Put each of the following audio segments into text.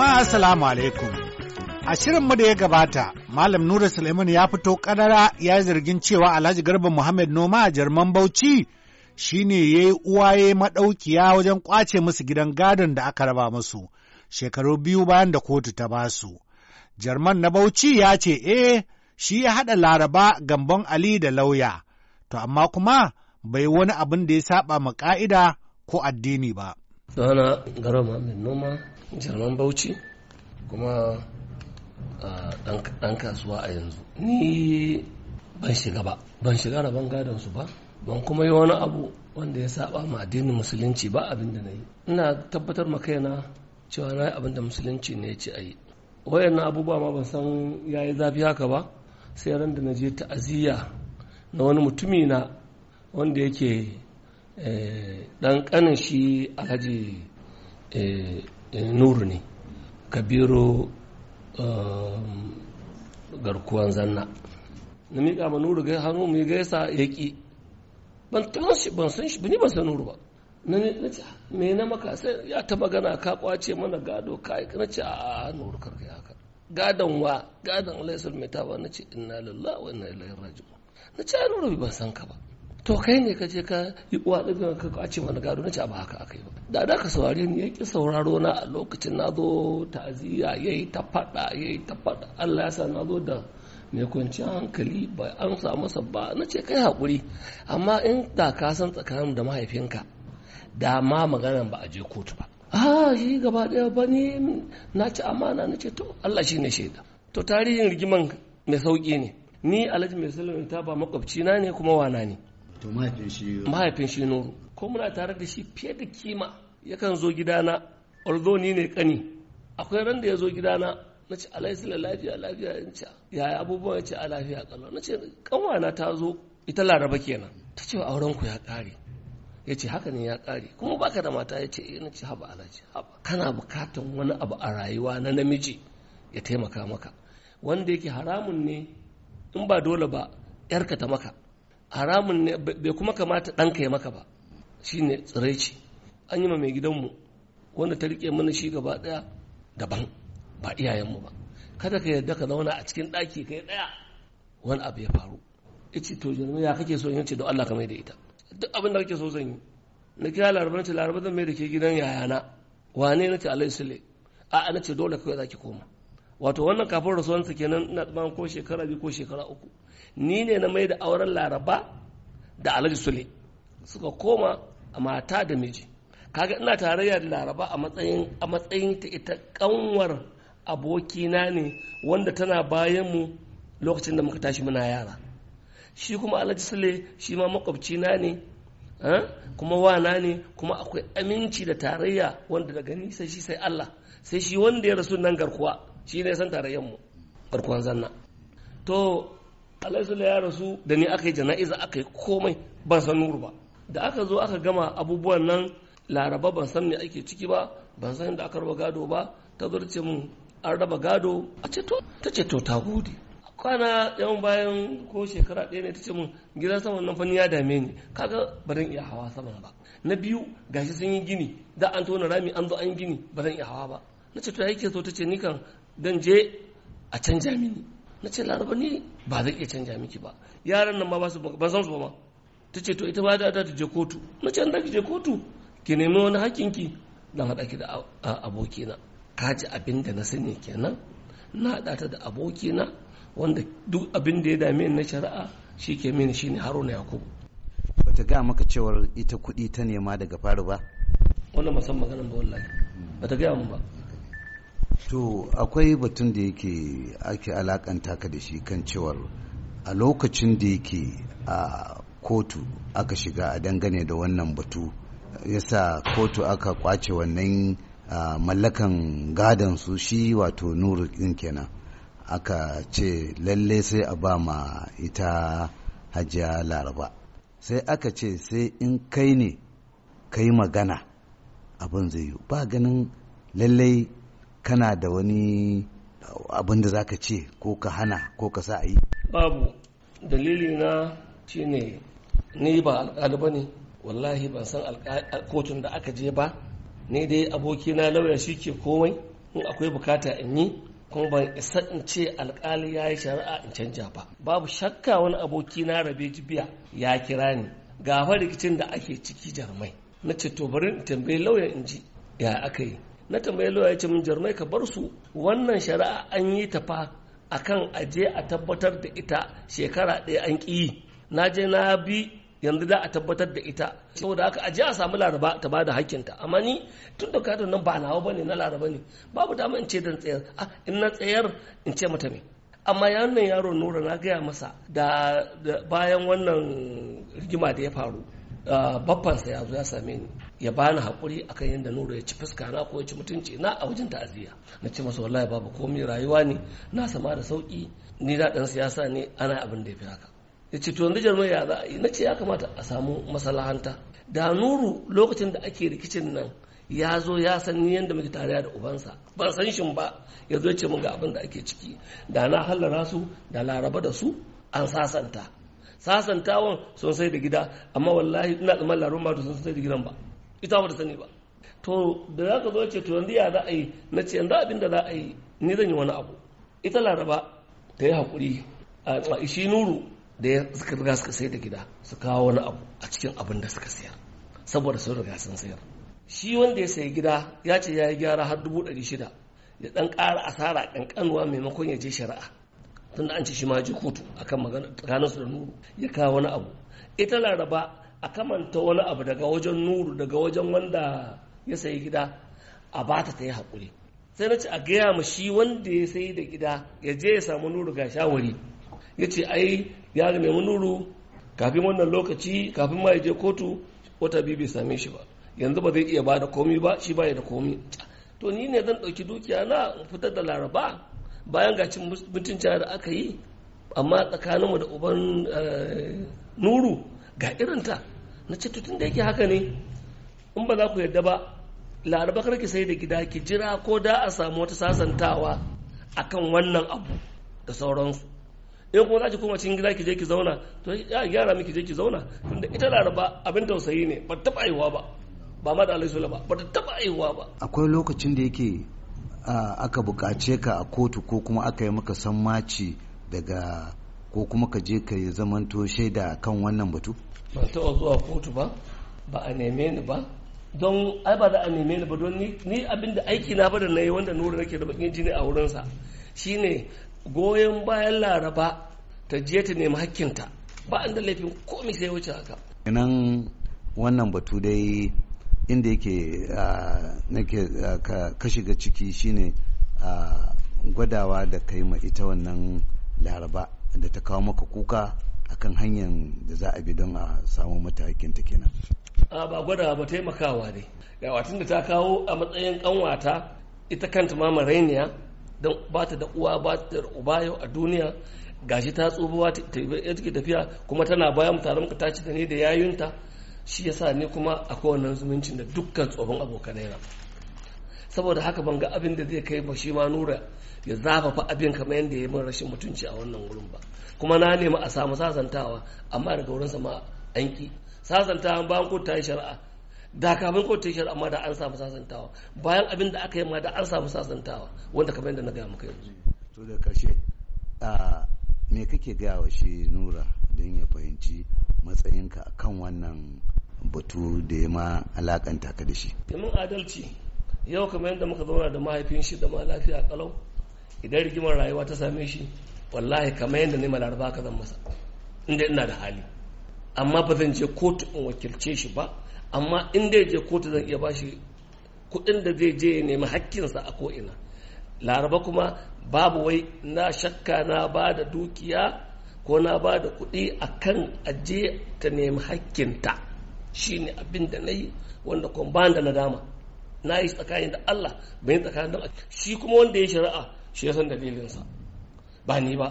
Jama'a Assalamu alaikum. A shirinmu da ya gabata, Malam Nura Suleiman ya fito kadara ya yi zargin cewa Alhaji Garba Muhammad Noma a Jarman Bauchi shi ne ya yi uwaye maɗaukiya wajen kwace musu gidan gadon da aka raba musu shekaru biyu bayan da kotu ta basu. Jarman na Bauchi ya ce, eh, shi ya haɗa Laraba Gambon Ali da lauya, to amma kuma bai wani abin da ya saba ma ƙa'ida ko addini ba. sunana gara mai noma jarman bauchi kuma dan kasuwa a yanzu ni ban shiga ba ban shiga rabon gadon su ba ban kuma yi wani abu wanda ya saba ma addinin musulunci ba abin da na yi ina tabbatar ma kaina cewa na yi abin da musulunci ne ce a yi wayannan abubuwa ma ban san ya yi zafi haka ba sai ran da na je ta'aziyya na wani mutumi na wanda yake Eh, dan kanin shi alhaji eh, nuru ne kabiru um, garkuwan zanna na miƙa ma nuru ga hannu mai gaisa ya ƙi ban tunan shi ban san shi ni ban san nuru ba na ce me na maka sai ya ta magana ka kwace mana gado ka na ce a nuru karka haka gadon wa gadon laisar mai ta ba na ce inna lillahi wa inna ilaihi raji'un na ce nuru ban san ka ba to kai ne ka je ka yi uwa ɗaga ka ce wani gado na ce ba haka aka yi ba da da ka saurare ya ki sauraro na a lokacin na zo ta'aziyya ya yi ta faɗa ya yi ta faɗa Allah ya sa na zo da mai kwanciyar hankali ba an samu masa ba na ce kai hakuri. amma in da ka san tsakanin da mahaifinka da ma maganan ba a je kotu ba a shi gaba ɗaya ba ni na ci amana na ce to Allah shi ne shaida to tarihin rigiman mai sauki ne ni alhaji mai salama ta ba makwabci na ne kuma wana ne to mahaifin shi mahaifin shi nuru ko muna tare da shi fiye da kima yakan zo gidana although ni ne kani akwai ran da ya zo gidana na ce alaisila lafiya lafiya in ce yaya abubuwan ya ce a lafiya kallo na ce kanwana ta zo ita laraba kenan ta ce auren ku ya kare ya ce haka ne ya kare kuma baka da mata ya ce eh na ce haba alaji haba kana bukatan wani abu a rayuwa na namiji ya taimaka maka wanda yake haramun ne in ba dole ba 'Yarkata maka haramun ne bai kuma kamata ɗanka ya maka ba shine tsiraici an yi ma mai gidanmu wanda ta rike mana shi gaba ɗaya daban ba iyayenmu ba kada ka yarda ka zauna a cikin ɗaki kai ɗaya wani abu ya faru ice to jirgin ya kake so yin ce don Allah ka mai da ita duk abin da kake so zan yi na kira larabar ce larabar zan mai da ke gidan yayana wane na ce alai sule a'a na ce dole kawai za ki koma wato wannan kafin rasuwansa kenan na tsaman ko shekara biyu ko shekara uku ni ne na mai da auren laraba da alhaji sule suka koma a mata da miji kaga ina tarayya da laraba a matsayin a matsayin ta ita kanwar abokina ne wanda tana bayan mu lokacin da muka tashi muna yara shi kuma alhaji sule shi ma makwabcina ne eh, kuma wana ne kuma akwai aminci da tarayya wanda daga nisa shi sai Allah sai shi wanda ya rasu nan garkuwa shi ne san tarayyar mu garkuwan zanna to alaihi ya rasu da ni aka yi jana'iza aka yi komai ban san nuru ba da aka zo aka gama abubuwan nan laraba ban san me ake ciki ba ban san da aka raba gado ba ta zurce mun an raba gado a ce to ta ce to ta gode kwana yawan bayan ko shekara ɗaya ne ta ce mun gidan saman nan fani ya dame ni kaga ba zan iya hawa saman ba na biyu gashi sun yi gini da an tona rami an zo an yi gini ba zan iya hawa ba na ce to yake ke so ta ce ni kan dan je a canja mini na ce laraba ni ba zai iya canja miki ba yaran nan ma ba su ba san su ba ta ce to ita ba da ta je kotu na ce an da ki je kotu ki nemi wani hakinki dan haɗa ki da abokina ka ji abin da na sani kenan na haɗa ta da abokina wanda duk abin da ya dame na shari'a shi ke mini shine haruna yakubu bata ga maka cewar ita kuɗi ta nema daga faru ba wannan musamman ganin ba wallahi bata gaya mun ba To akwai batun da yake ake alakanta ka da shi kan cewar a lokacin da yake a kotu aka shiga a dangane da wannan batu yasa kotu aka kwace wannan mallakan gadon su shi wato nuru din kenan aka ce lalle sai a ba ma ita hajiya laraba sai aka ce sai in kai ne kai magana abin zai yi ba ganin lallai kana da wani abin da za ka ce ko ka hana ko ka sa a yi babu dalili na ne, ni ba alƙali ba ne wallahi ban san kotun da aka je ba ni dai abokina lauya shi ke komai in akwai bukata in yi kuma ban isa in ce alkali ya yi shari'a in canja ba babu shakka wani aboki na rabe jibiya ya kira ni ga rikicin da ake ciki jarumai. na ce to bari in tambayi lauya in ji ya aka yi na tambayi lawyer ya ce min jarumai ka bar su wannan shari'a an yi ta fa kan aje a tabbatar da ita shekara ɗaya an ƙi na je na bi yanzu za a tabbatar da ita saboda haka aje a samu laraba ta ba da hakkinta amma ni tun da kadon nan ba nawa ba ne na laraba ne babu dama in ce dan tsayar ah in na tsayar in ce mata me amma ya wannan yaro nura na gaya masa da bayan wannan rigima da ya faru sa ya zo ya same ni ya bani hakuri akan yadda nuru ya ci fuska na ko ya ci mutunci na a wajen ta'aziya na ce masa wallahi babu komai rayuwa ne na sama da sauki ni da dan siyasa ne ana abin da ya fi haka ya ce to yanzu jarumai ya za a yi na ce ya kamata a samu masalahanta da nuru lokacin da ake rikicin nan ya zo ya san ni yadda muke tare da ubansa ban san shin ba ya zo ya ce mun ga abin da ake ciki da na hallara su da laraba da su an sasanta sasantawan sun sai da gida amma wallahi ina tsammanin larun ba sun sai da gidan ba ita ba da sani ba to da za ka zo ce to yanzu ya za a yi na ce yanzu abin da za a yi ni zan yi wani abu ita laraba ta yi haƙuri a tsaishi nuru da ya suka riga suka sai da gida su kawo wani abu a cikin abin da suka sayar saboda sun riga sun sayar shi wanda ya sayi gida ya ce ya yi gyara har dubu ɗari shida ya ɗan ƙara asara ƙanƙanuwa maimakon ya je shari'a tunda an ce shi ma ji hutu kotu akan magana tsakaninsu da nuru ya kawo wani abu ita laraba a kamanta wani abu daga wajen nuru daga wajen wanda ya sayi gida a ba ta yi haƙuri sai na ce a gaya ma shi wanda ya sayi da gida ya je ya samu nuru ga shawari ya ce ai ya nemi nuru kafin wannan lokaci kafin ma ya je kotu wata biyu bai same shi ba yanzu ba zai iya ba da komi ba shi ba ya da komi to ni ne zan ɗauki dukiya na fitar da laraba bayan ga cin mutunci da aka yi amma tsakaninmu da uban eh, nuru ga irinta na ce da yake haka ne in ba za ku yarda ba laraba karki sai da gida ki jira ko da a samu wata sasantawa a kan wannan abu da sauransu in kuma za ki koma cikin gida ki je ki zauna to ya gyara miki je ki zauna tunda ita laraba abin tausayi ne ba ta taɓa ba ba ma da alaihi ba ba ta ba akwai lokacin da yake aka bukace ka a kotu ko kuma aka yi maka sammaci daga ko kuma ka je ka zamanto shaida kan wannan batu ba taɓa zuwa kotu ba ba a neme ni ba don ai ba da a neme ni ba don ni abin da aiki na da na yi wanda nura nake da bakin jini a wurinsa shine goyon bayan laraba ta je ta nemi hakkinta ba an da laifin komai sai wuce haka nan wannan batu dai inda yake nake ka shiga ciki shine gwadawa da kai ma ita wannan laraba da ta kawo maka kuka akan hanyar da za a bi don a samu mata ta kenan a ba gwada ba taimakawa ne gawatin da ta kawo a matsayin kanwata ita kanta mama rainiya don ba ta da uwa ba ta da uba yau a duniya gashi ta tsubuwa ta tafiya kuma tana bayan tare muka tashi da ni da yayunta shi yasa ni kuma a kowane zumuncin da dukkan tsohon abokanai na saboda haka ban ga abin da zai kai ba shi ma nura ya zafafa abin kamar yadda ya yi min rashin mutunci a wannan wurin ba kuma na nemi a samu sasantawa amma daga wurinsa ma an ki sasantawa bayan ko ta yi shari'a da kafin ko ta yi shari'a ma da an samu sasantawa bayan abin da aka yi ma da an samu sasantawa wanda kamar yadda na gaya maka yanzu to da karshe me kake gaya wa shi nura don ya fahimci matsayinka kan wannan batu da ya ma alakanta ka da shi domin adalci yau kamar yadda muka zauna da mahaifin shi da ma lafiya kalau idan rigimar rayuwa ta same shi wallahi kamar yadda ne malaraba ka zan masa inda ina da hali amma ba zan je kotu in wakilce shi ba amma inda ya je kotu zan iya ba shi kuɗin da zai je ya nemi hakkinsa a ko'ina laraba kuma babu wai na shakka na ba da dukiya ko na ba da kuɗi a kan aje ta nemi hakkinta shi ne abin da na yi wanda kuma ba da nadama na yi tsakanin da Allah bai yi tsakanin da shi kuma wanda ya shari'a shi ya san dalilinsa ba ni ba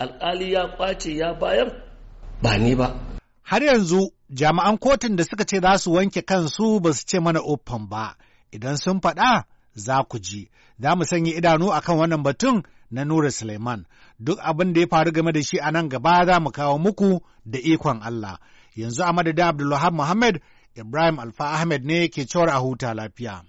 alƙali ya ƙwace ya bayar ba ni ba har yanzu jami'an kotun da suka ce za su wanke kansu ba su ce mana ofan ba idan sun faɗa za ku ji za mu sanya idanu akan wannan batun na Nura Suleiman. Duk abin da ya faru game da shi a nan gaba za mu kawo muku da ikon Allah. Yanzu a madada Abdullahab Muhammad, Ibrahim Alfa Ahmed ne ke cewar a huta lafiya.